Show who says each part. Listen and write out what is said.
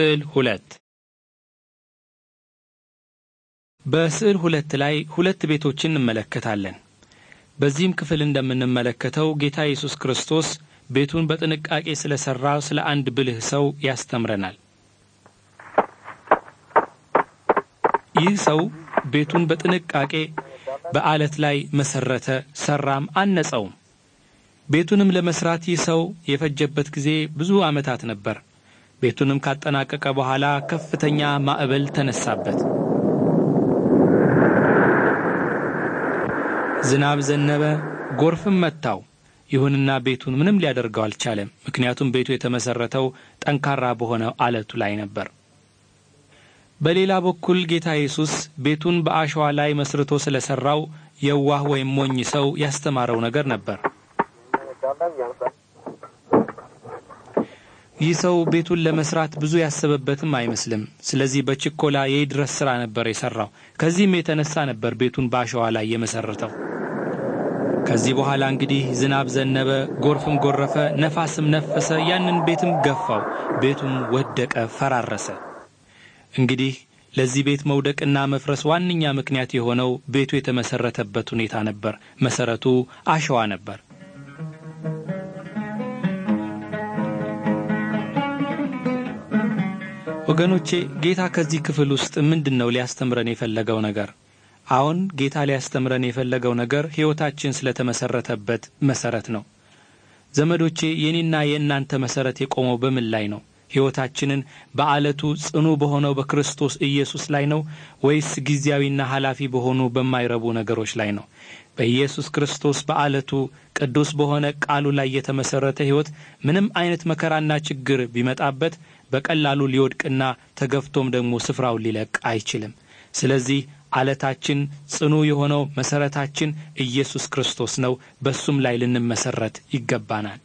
Speaker 1: ስዕል ሁለት በስዕል ሁለት ላይ ሁለት ቤቶችን እንመለከታለን። በዚህም ክፍል እንደምንመለከተው ጌታ ኢየሱስ ክርስቶስ ቤቱን በጥንቃቄ ስለ ሠራ ስለ አንድ ብልህ ሰው ያስተምረናል። ይህ ሰው ቤቱን በጥንቃቄ በዓለት ላይ መሠረተ፣ ሠራም፣ አነጸውም። ቤቱንም ለመሥራት ይህ ሰው የፈጀበት ጊዜ ብዙ ዓመታት ነበር። ቤቱንም ካጠናቀቀ በኋላ ከፍተኛ ማዕበል ተነሳበት። ዝናብ ዘነበ፣ ጎርፍም መታው። ይሁንና ቤቱን ምንም ሊያደርገው አልቻለም። ምክንያቱም ቤቱ የተመሰረተው ጠንካራ በሆነ አለቱ ላይ ነበር። በሌላ በኩል ጌታ ኢየሱስ ቤቱን በአሸዋ ላይ መስርቶ ስለሰራው የዋህ ወይም ሞኝ ሰው ያስተማረው ነገር ነበር። ይህ ሰው ቤቱን ለመስራት ብዙ ያሰበበትም አይመስልም። ስለዚህ በችኮላ የይድረስ ሥራ ነበር የሠራው። ከዚህም የተነሳ ነበር ቤቱን በአሸዋ ላይ የመሠረተው። ከዚህ በኋላ እንግዲህ ዝናብ ዘነበ፣ ጎርፍም ጎረፈ፣ ነፋስም ነፈሰ፣ ያንን ቤትም ገፋው። ቤቱም ወደቀ፣ ፈራረሰ። እንግዲህ ለዚህ ቤት መውደቅና መፍረስ ዋነኛ ምክንያት የሆነው ቤቱ የተመሠረተበት ሁኔታ ነበር። መሠረቱ አሸዋ ነበር። ወገኖቼ ጌታ ከዚህ ክፍል ውስጥ ምንድን ነው ሊያስተምረን የፈለገው ነገር? አሁን ጌታ ሊያስተምረን የፈለገው ነገር ሕይወታችን ስለተመሰረተበት መሠረት ነው። ዘመዶቼ የኔና የእናንተ መሠረት የቆመው በምን ላይ ነው? ሕይወታችንን በአለቱ ጽኑ በሆነው በክርስቶስ ኢየሱስ ላይ ነው ወይስ ጊዜያዊና ኃላፊ በሆኑ በማይረቡ ነገሮች ላይ ነው? በኢየሱስ ክርስቶስ በዓለቱ ቅዱስ በሆነ ቃሉ ላይ የተመሠረተ ሕይወት ምንም አይነት መከራና ችግር ቢመጣበት በቀላሉ ሊወድቅና ተገፍቶም ደግሞ ስፍራውን ሊለቅ አይችልም። ስለዚህ ዓለታችን ጽኑ የሆነው መሠረታችን ኢየሱስ ክርስቶስ ነው። በሱም ላይ ልንመሠረት ይገባናል።